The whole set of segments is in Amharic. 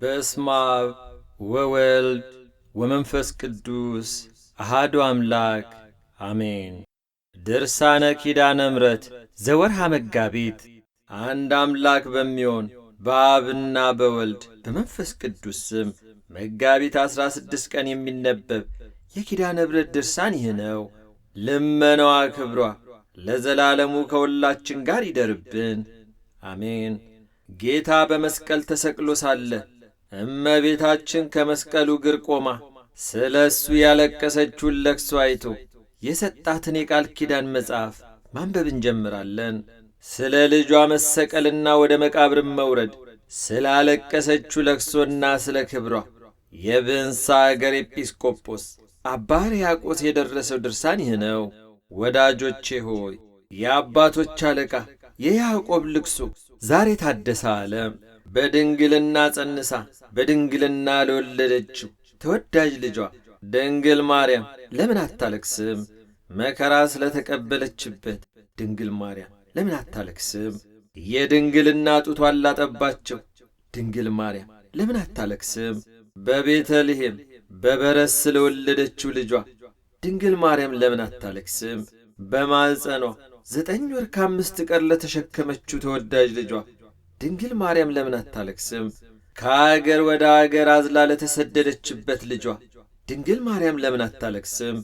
በስመ አብ ወወልድ ወመንፈስ ቅዱስ አሃዱ አምላክ አሜን። ድርሳነ ኪዳነ ምሕረት ዘወርሃ መጋቢት። አንድ አምላክ በሚሆን በአብና በወልድ በመንፈስ ቅዱስ ስም መጋቢት ዐሥራ ስድስት ቀን የሚነበብ የኪዳነ ምሕረት ድርሳን ይህ ነው። ልመናዋ ክብሯ ለዘላለሙ ከሁላችን ጋር ይደርብን፣ አሜን። ጌታ በመስቀል ተሰቅሎ ሳለ እመቤታችን ከመስቀሉ ግር ቆማ ስለ እሱ ያለቀሰችውን ለቅሶ አይቶ የሰጣትን የቃል ኪዳን መጽሐፍ ማንበብ እንጀምራለን። ስለ ልጇ መሰቀልና ወደ መቃብርም መውረድ ስላለቀሰችው ለቅሶና ስለ ክብሯ የብንሳ አገር ኤጲስቆጶስ አባ ሕርያቆስ የደረሰው ድርሳን ይህ ነው። ወዳጆቼ ሆይ የአባቶች አለቃ የያዕቆብ ልቅሶ ዛሬ ታደሰ አለም። በድንግልና ጸንሳ በድንግልና ለወለደችው ተወዳጅ ልጇ ድንግል ማርያም ለምን አታለቅስም? መከራ ስለተቀበለችበት ድንግል ማርያም ለምን አታለቅስም? የድንግልና ጡቷ ላጠባቸው ድንግል ማርያም ለምን አታለቅስም? በቤተልሔም በበረት ስለወለደችው ልጇ ድንግል ማርያም ለምን አታለቅስም? በማዕፀኗ ዘጠኝ ወር ከአምስት ቀን ለተሸከመችው ተወዳጅ ልጇ ድንግል ማርያም ለምን አታለቅስም? ከአገር ወደ አገር አዝላ ለተሰደደችበት ልጇ ድንግል ማርያም ለምን አታለቅስም?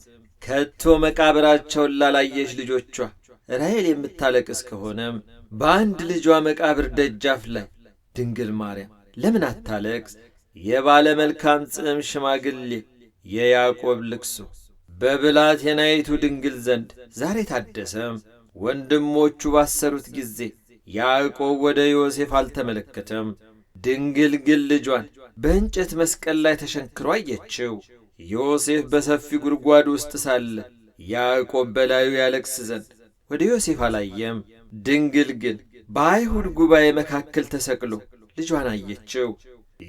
ከቶ መቃብራቸውን ላላየሽ ልጆቿ ራሔል የምታለቅስ ከሆነም በአንድ ልጇ መቃብር ደጃፍ ላይ ድንግል ማርያም ለምን አታለቅስ? የባለ መልካም ጽም ሽማግሌ የያዕቆብ ልቅሶ በብላቴናይቱ ድንግል ዘንድ ዛሬ ታደሰም። ወንድሞቹ ባሰሩት ጊዜ ያዕቆብ ወደ ዮሴፍ አልተመለከተም። ድንግል ግን ልጇን በእንጨት መስቀል ላይ ተሸንክሮ አየችው። ዮሴፍ በሰፊ ጉድጓድ ውስጥ ሳለ ያዕቆብ በላዩ ያለቅስ ዘንድ ወደ ዮሴፍ አላየም። ድንግል ግን በአይሁድ ጉባኤ መካከል ተሰቅሎ ልጇን አየችው።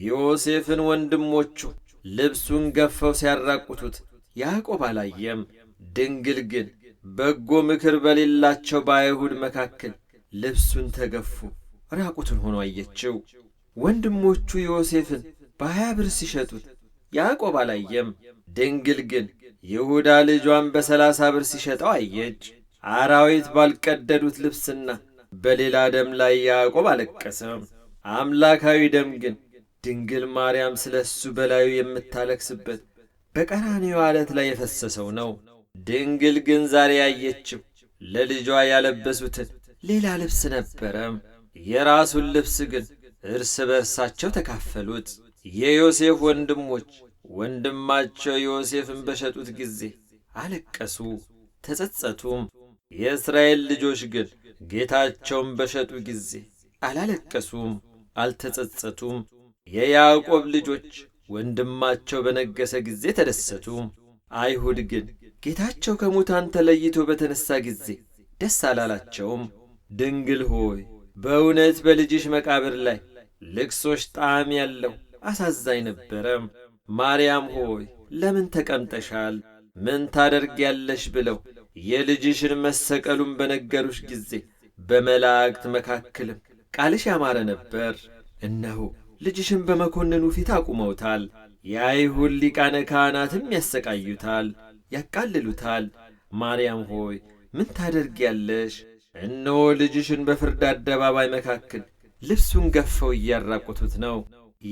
ዮሴፍን ወንድሞቹ ልብሱን ገፈው ሲያራቁቱት ያዕቆብ አላየም። ድንግል ግን በጎ ምክር በሌላቸው በአይሁድ መካከል ልብሱን ተገፉ፣ ራቁትን ሆኖ አየችው። ወንድሞቹ ዮሴፍን በሀያ ብር ሲሸጡት ያዕቆብ አላየም። ድንግል ግን ይሁዳ ልጇን በሰላሳ ብር ሲሸጠው አየች። አራዊት ባልቀደዱት ልብስና በሌላ ደም ላይ ያዕቆብ አለቀሰም። አምላካዊ ደም ግን ድንግል ማርያም ስለ እሱ በላዩ የምታለክስበት በቀራንዮ ዓለት ላይ የፈሰሰው ነው። ድንግል ግን ዛሬ ያየችው ለልጇ ያለበሱትን ሌላ ልብስ ነበረ። የራሱን ልብስ ግን እርስ በርሳቸው ተካፈሉት። የዮሴፍ ወንድሞች ወንድማቸው ዮሴፍን በሸጡት ጊዜ አለቀሱ፣ ተጸጸቱም። የእስራኤል ልጆች ግን ጌታቸውን በሸጡ ጊዜ አላለቀሱም፣ አልተጸጸቱም። የያዕቆብ ልጆች ወንድማቸው በነገሰ ጊዜ ተደሰቱ። አይሁድ ግን ጌታቸው ከሙታን ተለይቶ በተነሣ ጊዜ ደስ አላላቸውም። ድንግል ሆይ በእውነት በልጅሽ መቃብር ላይ ልቅሶሽ ጣዕም ያለው አሳዛኝ ነበረም። ማርያም ሆይ ለምን ተቀምጠሻል? ምን ታደርጊያለሽ? ብለው የልጅሽን መሰቀሉን በነገሩሽ ጊዜ በመላእክት መካከልም ቃልሽ ያማረ ነበር። እነሆ ልጅሽን በመኮንኑ ፊት አቁመውታል። የአይሁድ ሊቃነ ካህናትም ያሰቃዩታል፣ ያቃልሉታል። ማርያም ሆይ ምን ታደርጊያለሽ? እነሆ ልጅሽን በፍርድ አደባባይ መካከል ልብሱን ገፈው እያራቆቱት ነው።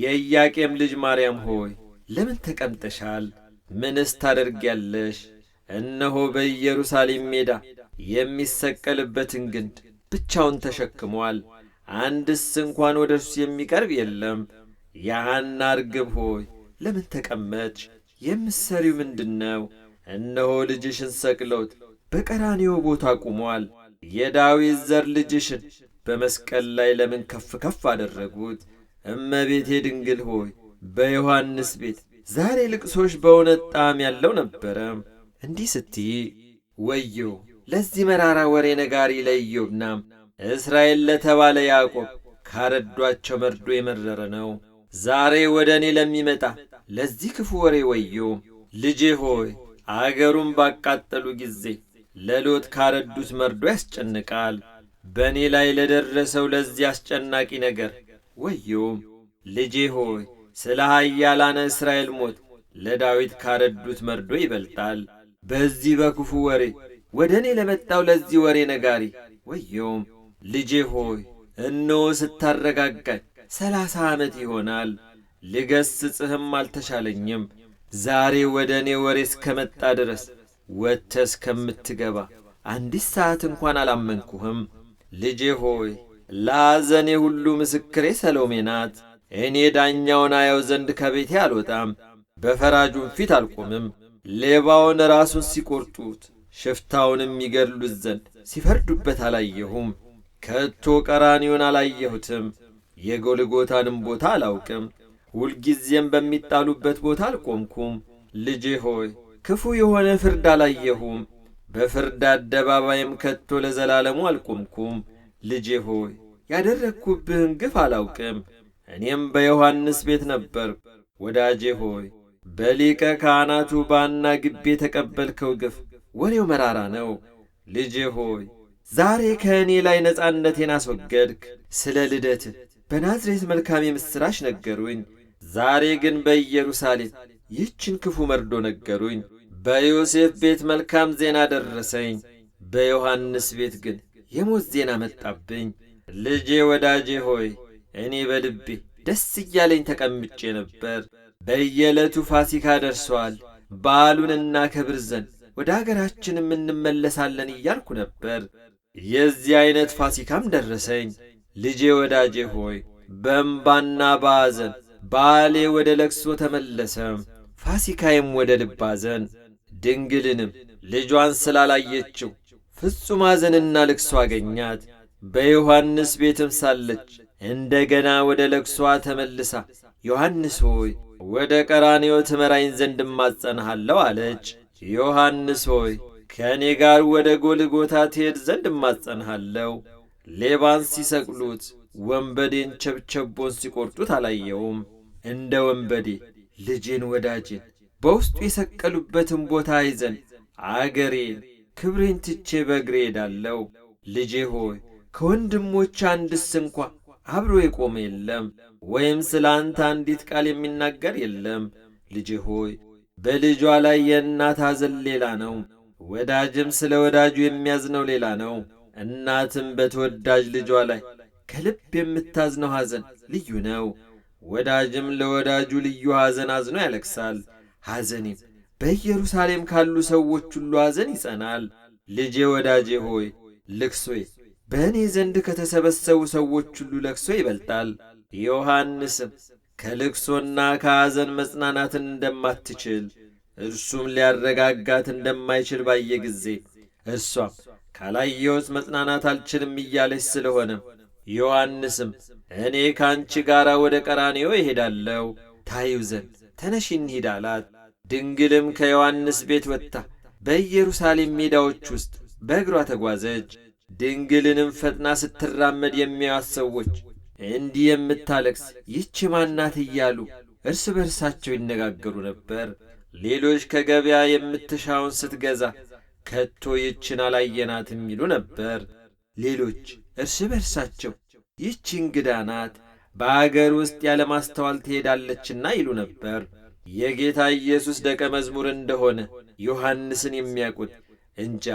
የኢያቄም ልጅ ማርያም ሆይ ለምን ተቀምጠሻል? ምንስ ታደርጊያለሽ? እነሆ በኢየሩሳሌም ሜዳ የሚሰቀልበትን ግንድ ብቻውን ተሸክሟል። አንድስ እንኳን ወደ እርሱ የሚቀርብ የለም። የሐና ርግብ ሆይ ለምን ተቀመጥሽ? የምትሠሪው ምንድን ነው? እነሆ ልጅሽን ሰቅለውት በቀራንዮ ቦታ ቁሟል?። የዳዊት ዘር ልጅሽን በመስቀል ላይ ለምን ከፍ ከፍ አደረጉት? እመቤቴ ድንግል ሆይ በዮሐንስ ቤት ዛሬ ልቅሶሽ በእውነት ጣዕም ያለው ነበረ። እንዲህ ስትይ ወዮ ለዚህ መራራ ወሬ ነጋሪ ለኢዮብና እስራኤል ለተባለ ያዕቆብ ካረዷቸው መርዶ የመረረ ነው። ዛሬ ወደ እኔ ለሚመጣ ለዚህ ክፉ ወሬ ወዮ። ልጄ ሆይ አገሩን ባቃጠሉ ጊዜ ለሎጥ ካረዱት መርዶ ያስጨንቃል። በእኔ ላይ ለደረሰው ለዚህ አስጨናቂ ነገር ወየውም! ልጄ ሆይ ስለ ኃያላነ እስራኤል ሞት ለዳዊት ካረዱት መርዶ ይበልጣል። በዚህ በክፉ ወሬ ወደ እኔ ለመጣው ለዚህ ወሬ ነጋሪ ወዮም! ልጄ ሆይ እነሆ ስታረጋጋኝ ሰላሳ ዓመት ይሆናል። ልገስጽህም አልተሻለኝም ዛሬ ወደ እኔ ወሬ እስከመጣ ድረስ ወጥተህ እስከምትገባ አንዲት ሰዓት እንኳን አላመንኩህም። ልጄ ሆይ ለሐዘኔ ሁሉ ምስክሬ ሰሎሜ ናት። እኔ ዳኛውን አየው ዘንድ ከቤቴ አልወጣም፣ በፈራጁም ፊት አልቆምም። ሌባውን ራሱን ሲቆርጡት ሽፍታውንም ይገድሉት ዘንድ ሲፈርዱበት አላየሁም። ከቶ ቀራኒውን አላየሁትም፣ የጎልጎታንም ቦታ አላውቅም። ሁልጊዜም በሚጣሉበት ቦታ አልቆምኩም። ልጄ ሆይ ክፉ የሆነ ፍርድ አላየሁም፣ በፍርድ አደባባይም ከቶ ለዘላለሙ አልቆምኩም። ልጄ ሆይ ያደረግኩብህን ግፍ አላውቅም። እኔም በዮሐንስ ቤት ነበር። ወዳጄ ሆይ በሊቀ ካህናቱ ባና ግቢ የተቀበልከው ግፍ ወሬው መራራ ነው። ልጄ ሆይ ዛሬ ከእኔ ላይ ነፃነቴን አስወገድክ። ስለ ልደት በናዝሬት መልካም የምሥራች ነገሩኝ። ዛሬ ግን በኢየሩሳሌም ይህችን ክፉ መርዶ ነገሩኝ። በዮሴፍ ቤት መልካም ዜና ደረሰኝ፣ በዮሐንስ ቤት ግን የሞት ዜና መጣብኝ። ልጄ ወዳጄ ሆይ እኔ በልቤ ደስ እያለኝ ተቀምጬ ነበር። በየዕለቱ ፋሲካ ደርሷል፣ በዓሉን እናከብር ዘንድ ወደ አገራችንም እንመለሳለን እያልኩ ነበር። የዚህ ዐይነት ፋሲካም ደረሰኝ። ልጄ ወዳጄ ሆይ በእምባና በአዘን ባሌ ወደ ለቅሶ ተመለሰም። ፋሲካይም ወደ ልብ አዘን ድንግልንም ልጇን ስላላየችው ፍጹም አዘንና ልቅሶ አገኛት። በዮሐንስ ቤትም ሳለች እንደ ገና ወደ ለቅሷ ተመልሳ ዮሐንስ ሆይ ወደ ቀራንዮ ትመራኝ ዘንድ እማጸንሃለሁ አለች። ዮሐንስ ሆይ ከእኔ ጋር ወደ ጎልጎታ ትሄድ ዘንድ እማጸንሃለሁ። ሌባን ሲሰቅሉት ወንበዴን ቸብቸቦን ሲቆርጡት አላየውም። እንደ ወንበዴ ልጅን ወዳጅን በውስጡ የሰቀሉበትን ቦታ ይዘን አገሬን ክብሬን ትቼ በእግሬ ሄዳለሁ። ልጄ ሆይ ከወንድሞች አንድስ እንኳ አብሮ የቆመ የለም፣ ወይም ስለ አንተ አንዲት ቃል የሚናገር የለም። ልጄ ሆይ በልጇ ላይ የእናት ሐዘን ሌላ ነው፣ ወዳጅም ስለ ወዳጁ የሚያዝነው ሌላ ነው። እናትም በተወዳጅ ልጇ ላይ ከልብ የምታዝነው ሐዘን ልዩ ነው። ወዳጅም ለወዳጁ ልዩ ሐዘን አዝኖ ያለቅሳል። ሐዘኔም በኢየሩሳሌም ካሉ ሰዎች ሁሉ ሐዘን ይጸናል። ልጄ ወዳጄ ሆይ ልቅሶዬ በእኔ ዘንድ ከተሰበሰቡ ሰዎች ሁሉ ለክሶ ይበልጣል። ዮሐንስም ከልቅሶና ከሐዘን መጽናናትን እንደማትችል እርሱም ሊያረጋጋት እንደማይችል ባየ ጊዜ እርሷም ካላየሁት መጽናናት አልችልም እያለች ስለሆነ ዮሐንስም እኔ ከአንቺ ጋር ወደ ቀራኔዮ እሄዳለሁ ታዩ ዘንድ ተነሽ እንሂድ አላት። ድንግልም ከዮሐንስ ቤት ወጥታ በኢየሩሳሌም ሜዳዎች ውስጥ በእግሯ ተጓዘች። ድንግልንም ፈጥና ስትራመድ የሚያዋት ሰዎች እንዲህ የምታለቅስ ይቺ ማናት እያሉ እርስ በርሳቸው ይነጋገሩ ነበር። ሌሎች ከገበያ የምትሻውን ስትገዛ ከቶ ይችን አላየናትም ይሉ ነበር። ሌሎች እርስ በርሳቸው ይህች እንግዳ ናት፣ በአገር ውስጥ ያለማስተዋል ትሄዳለችና ይሉ ነበር። የጌታ ኢየሱስ ደቀ መዝሙር እንደሆነ ዮሐንስን የሚያውቁት እንጃ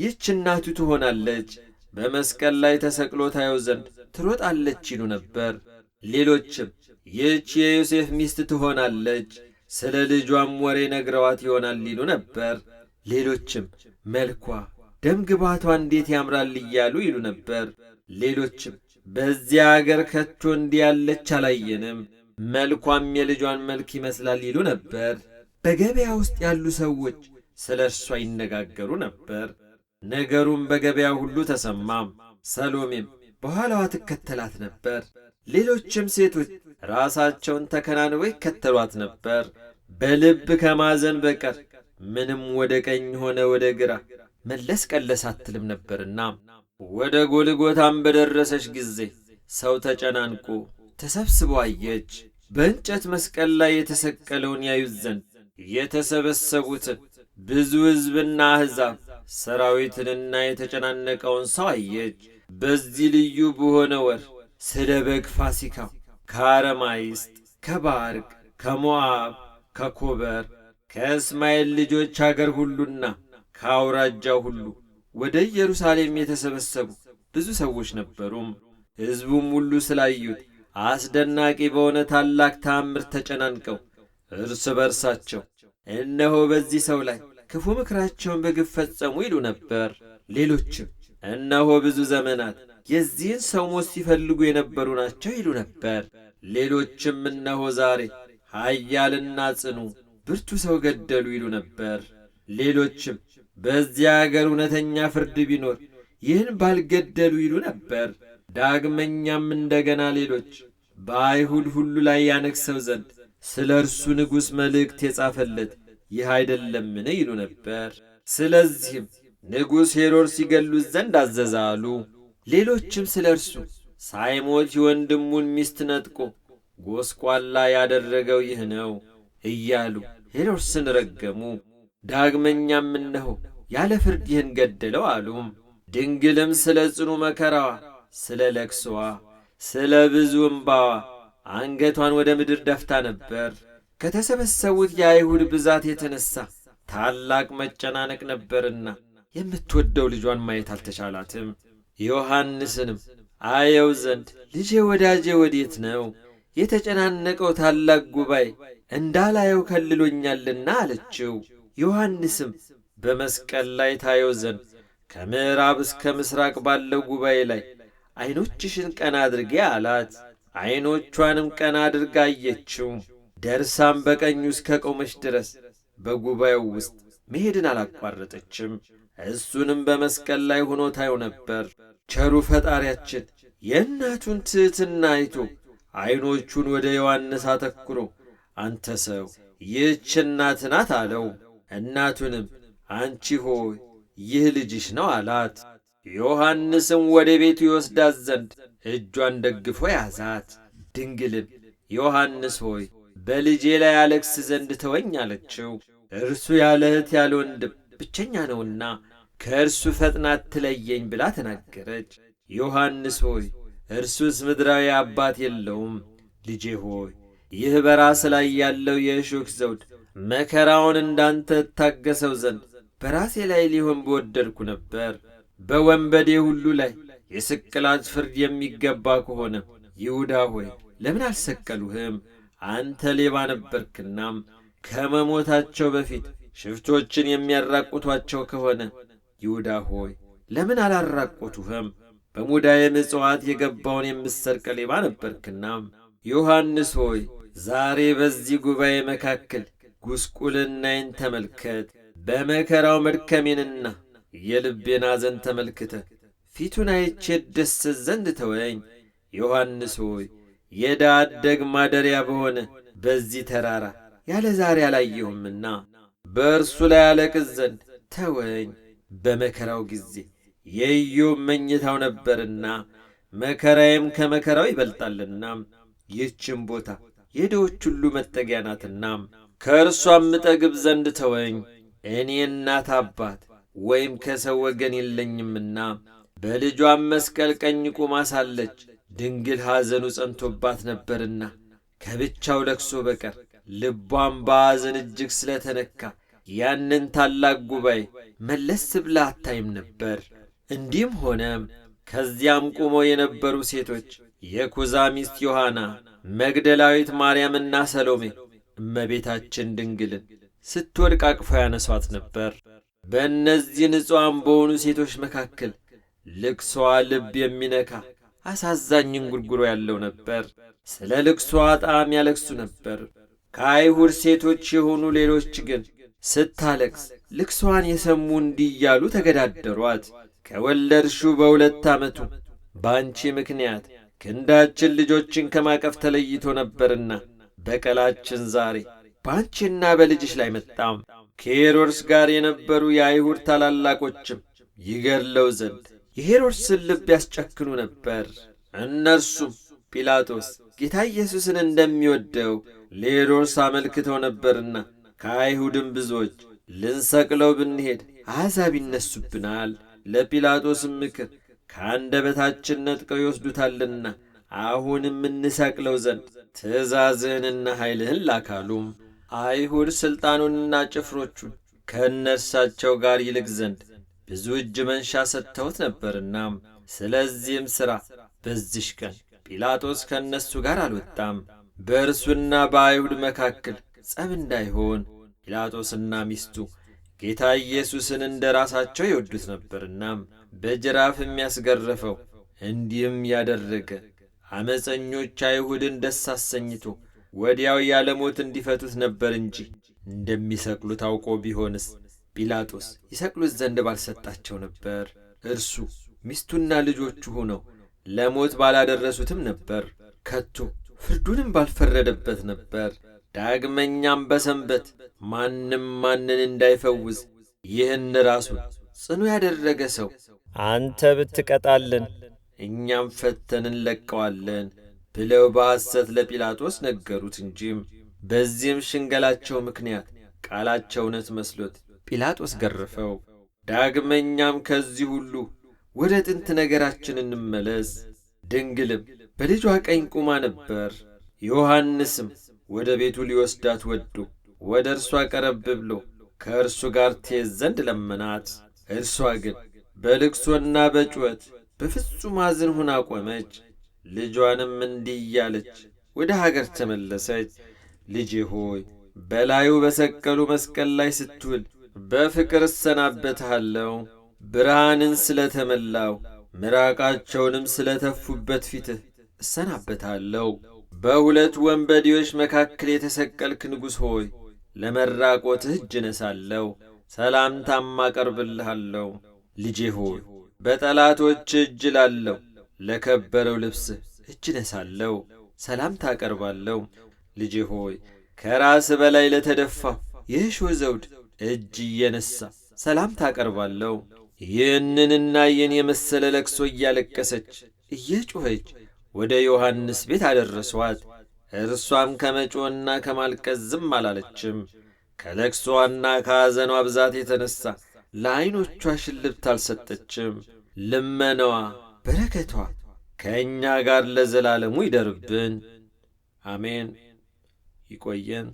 ይህች እናቱ ትሆናለች፣ በመስቀል ላይ ተሰቅሎ ታየው ዘንድ ትሮጣለች ይሉ ነበር። ሌሎችም ይህች የዮሴፍ ሚስት ትሆናለች፣ ስለ ልጇም ወሬ ነግረዋት ይሆናል ይሉ ነበር። ሌሎችም መልኳ ደምግባቷ እንዴት ያምራል እያሉ ይሉ ነበር። ሌሎችም በዚያ አገር ከቶ እንዲህ ያለች አላየንም፣ መልኳም የልጇን መልክ ይመስላል ይሉ ነበር። በገበያ ውስጥ ያሉ ሰዎች ስለ እርሷ ይነጋገሩ ነበር። ነገሩም በገበያ ሁሉ ተሰማም። ሰሎሜም በኋላዋ ትከተላት ነበር። ሌሎችም ሴቶች ራሳቸውን ተከናንበው ይከተሏት ነበር። በልብ ከማዘን በቀር ምንም ወደ ቀኝ ሆነ ወደ ግራ መለስ ቀለስ አትልም ነበርና ወደ ጎልጎታም በደረሰች ጊዜ ሰው ተጨናንቆ ተሰብስቦ አየች። በእንጨት መስቀል ላይ የተሰቀለውን ያዩት ዘንድ የተሰበሰቡትን ብዙ ሕዝብና አሕዛብ ሰራዊትንና የተጨናነቀውን ሰው አየች። በዚህ ልዩ በሆነ ወር ስለ በግ ፋሲካው ከአረማይስጥ፣ ከባርቅ፣ ከሞዓብ፣ ከኮበር፣ ከእስማኤል ልጆች አገር ሁሉና ከአውራጃው ሁሉ ወደ ኢየሩሳሌም የተሰበሰቡ ብዙ ሰዎች ነበሩም። ሕዝቡም ሁሉ ስላዩት አስደናቂ በሆነ ታላቅ ተአምር ተጨናንቀው እርስ በርሳቸው እነሆ በዚህ ሰው ላይ ክፉ ምክራቸውን በግፍ ፈጸሙ ይሉ ነበር። ሌሎችም እነሆ ብዙ ዘመናት የዚህን ሰው ሞት ሲፈልጉ የነበሩ ናቸው ይሉ ነበር። ሌሎችም እነሆ ዛሬ ኃያልና ጽኑ ብርቱ ሰው ገደሉ ይሉ ነበር። ሌሎችም በዚያ አገር እውነተኛ ፍርድ ቢኖር ይህን ባልገደሉ ይሉ ነበር። ዳግመኛም እንደገና ሌሎች በአይሁድ ሁሉ ላይ ያነግሰው ዘንድ ስለ እርሱ ንጉሥ መልእክት የጻፈለት ይህ አይደለምን ይሉ ነበር። ስለዚህም ንጉሥ ሄሮድስ ይገሉት ዘንድ አዘዛሉ። ሌሎችም ስለ እርሱ ሳይሞት የወንድሙን ሚስት ነጥቆ ጎስቋላ ያደረገው ይህ ነው እያሉ ሄሮድስን ረገሙ። ዳግመኛም እነሆ ያለ ፍርድ ይህን ገደለው አሉም። ድንግልም ስለ ጽኑ መከራዋ፣ ስለ ለቅሶዋ፣ ስለ ብዙ እምባዋ አንገቷን ወደ ምድር ደፍታ ነበር። ከተሰበሰቡት የአይሁድ ብዛት የተነሳ ታላቅ መጨናነቅ ነበርና የምትወደው ልጇን ማየት አልተቻላትም። ዮሐንስንም አየው ዘንድ ልጄ ወዳጄ ወዴት ነው? የተጨናነቀው ታላቅ ጉባኤ እንዳላየው ከልሎኛልና አለችው። ዮሐንስም በመስቀል ላይ ታየው ዘንድ ከምዕራብ እስከ ምሥራቅ ባለው ጉባኤ ላይ ዐይኖችሽን ቀና አድርጌ አላት። ዐይኖቿንም ቀና አድርጋ አየችው። ደርሳም በቀኙ እስከ ቆመች ድረስ በጉባኤው ውስጥ መሄድን አላቋረጠችም። እሱንም በመስቀል ላይ ሆኖ ታየው ነበር። ቸሩ ፈጣሪያችን የእናቱን ትሕትና አይቶ ዐይኖቹን ወደ ዮሐንስ አተኩሮ አንተ ሰው ይህች እናት ናት አለው። እናቱንም አንቺ ሆይ ይህ ልጅሽ ነው አላት። ዮሐንስም ወደ ቤቱ ይወስዳት ዘንድ እጇን ደግፎ ያዛት። ድንግልም ዮሐንስ ሆይ በልጄ ላይ አለቅስ ዘንድ ተወኝ አለችው። እርሱ ያለ እህት ያለ ወንድም ብቸኛ ነውና ከእርሱ ፈጥና ትለየኝ ብላ ተናገረች። ዮሐንስ ሆይ እርሱስ ምድራዊ አባት የለውም። ልጄ ሆይ ይህ በራስ ላይ ያለው የእሾክ ዘውድ መከራውን እንዳንተ እታገሰው ዘንድ በራሴ ላይ ሊሆን በወደድኩ ነበር። በወንበዴ ሁሉ ላይ የስቅላት ፍርድ የሚገባ ከሆነ ይሁዳ ሆይ ለምን አልሰቀሉህም? አንተ ሌባ ነበርክናም። ከመሞታቸው በፊት ሽፍቶችን የሚያራቁቷቸው ከሆነ ይሁዳ ሆይ ለምን አላራቆቱህም? በሙዳዬ ምጽዋት የገባውን የምትሰርቅ ሌባ ነበርክናም። ዮሐንስ ሆይ ዛሬ በዚህ ጉባኤ መካከል ጉስቁልናዬን ተመልከት። በመከራው መድከሜንና የልቤን አዘን ተመልክተ ፊቱን አይቼ ደስ ዘንድ ተወኝ። ዮሐንስ ሆይ የዳደግ ማደሪያ በሆነ በዚህ ተራራ ያለ ዛሬ አላየሁምና በእርሱ ላይ አለቅስ ዘንድ ተወኝ። በመከራው ጊዜ የኢዮብ መኝታው ነበርና መከራዬም ከመከራው ይበልጣልና ይህችን ቦታ የድሆች ሁሉ መጠጊያ ናትና ከእርሷም እጠግብ ዘንድ ተወኝ፣ እኔ እናት አባት ወይም ከሰው ወገን የለኝምና። በልጇም መስቀል ቀኝ ቁማ ሳለች ድንግል ሐዘኑ ጸንቶባት ነበርና ከብቻው ለቅሶ በቀር ልቧም በሐዘን እጅግ ስለተነካ ያንን ታላቅ ጉባኤ መለስ ብላ አታይም ነበር። እንዲህም ሆነ፣ ከዚያም ቁመው የነበሩ ሴቶች የኩዛ ሚስት ዮሐና፣ መግደላዊት ማርያምና ሰሎሜ እመቤታችን ድንግልን ስትወድቅ አቅፈው ያነሷት ነበር። በእነዚህ ንጹሐን በሆኑ ሴቶች መካከል ልቅሷ ልብ የሚነካ አሳዛኝ እንጉርጉሮ ያለው ነበር። ስለ ልቅሷ ጣም ያለቅሱ ነበር። ከአይሁድ ሴቶች የሆኑ ሌሎች ግን ስታለቅስ ልቅሷን የሰሙ እንዲህ እያሉ ተገዳደሯት። ከወለድሹ በሁለት ዓመቱ በአንቺ ምክንያት ክንዳችን ልጆችን ከማቀፍ ተለይቶ ነበርና በቀላችን ዛሬ በአንቺና በልጅሽ ላይ መጣም። ከሄሮድስ ጋር የነበሩ የአይሁድ ታላላቆችም ይገድለው ዘንድ የሄሮድስን ልብ ያስጨክኑ ነበር። እነርሱም ጲላጦስ ጌታ ኢየሱስን እንደሚወደው ለሄሮድስ አመልክተው ነበርና ከአይሁድም ብዙዎች ልንሰቅለው ብንሄድ አሕዛብ ይነሱብናል፣ ለጲላጦስም ምክር ከአንደበታችን ነጥቀው ይወስዱታልና አሁንም እንሰቅለው ዘንድ ትእዛዝህንና ኃይልህን ላካሉ። አይሁድ ሥልጣኑንና ጭፍሮቹ ከእነርሳቸው ጋር ይልቅ ዘንድ ብዙ እጅ መንሻ ሰጥተውት ነበርና፣ ስለዚህም ሥራ በዚሽ ቀን ጲላጦስ ከእነሱ ጋር አልወጣም። በእርሱና በአይሁድ መካከል ጸብ እንዳይሆን ጲላጦስና ሚስቱ ጌታ ኢየሱስን እንደ ራሳቸው ይወዱት ነበርና በጅራፍ የሚያስገረፈው እንዲህም ያደረገ አመፀኞች አይሁድን ደስ አሰኝቶ ወዲያው ያለ ሞት እንዲፈቱት ነበር እንጂ እንደሚሰቅሉት አውቆ ቢሆንስ ጲላጦስ ይሰቅሉት ዘንድ ባልሰጣቸው ነበር። እርሱ ሚስቱና ልጆቹ ሆነው ለሞት ባላደረሱትም ነበር። ከቶ ፍርዱንም ባልፈረደበት ነበር። ዳግመኛም በሰንበት ማንም ማንን እንዳይፈውዝ ይህን ራሱን ጽኑ ያደረገ ሰው አንተ ብትቀጣልን እኛም ፈተን እንለቀዋለን ብለው በሐሰት ለጲላጦስ ነገሩት እንጂም። በዚህም ሽንገላቸው ምክንያት ቃላቸው እውነት መስሎት ጲላጦስ ገረፈው። ዳግመኛም ከዚህ ሁሉ ወደ ጥንት ነገራችን እንመለስ። ድንግልም በልጇ ቀኝ ቁማ ነበር። ዮሐንስም ወደ ቤቱ ሊወስዳት ወዶ ወደ እርሷ ቀረብ ብሎ ከእርሱ ጋር ትሄድ ዘንድ ለመናት። እርሷ ግን በልቅሶና በጩኸት በፍጹም አዝን ሁና ቆመች። ልጇንም እንዲህ እያለች ወደ ሀገር ተመለሰች። ልጄ ሆይ በላዩ በሰቀሉ መስቀል ላይ ስትውል በፍቅር እሰናበትሃለሁ። ብርሃንን ተመላው ምራቃቸውንም ስለተፉበት ፊትህ እሰናበታለሁ። በሁለት ወንበዴዎች መካከል የተሰቀልክ ንጉሥ ሆይ ለመራቆትህ እጅ ነሳለሁ፣ ሰላምታም አቀርብልሃለሁ። ልጄ ሆይ በጠላቶች እጅ ላለው ለከበረው ልብስ እጅ ነሳለው፣ ሰላምታ አቀርባለሁ። ልጄ ሆይ ከራስ በላይ ለተደፋ የእሾህ ዘውድ እጅ እየነሳ ሰላምታ አቀርባለሁ። ይህንንና ይህን የመሰለ ለቅሶ እያለቀሰች እየጮኸች ወደ ዮሐንስ ቤት አደረሷት። እርሷም ከመጮና ከማልቀስ ዝም አላለችም። ከለቅሷና ከሐዘኗ ብዛት የተነሳ ለዐይኖቿ ሽልብት አልሰጠችም። ልመናዋ በረከቷ ከእኛ ጋር ለዘላለሙ ይደርብን፣ አሜን። ይቆየን።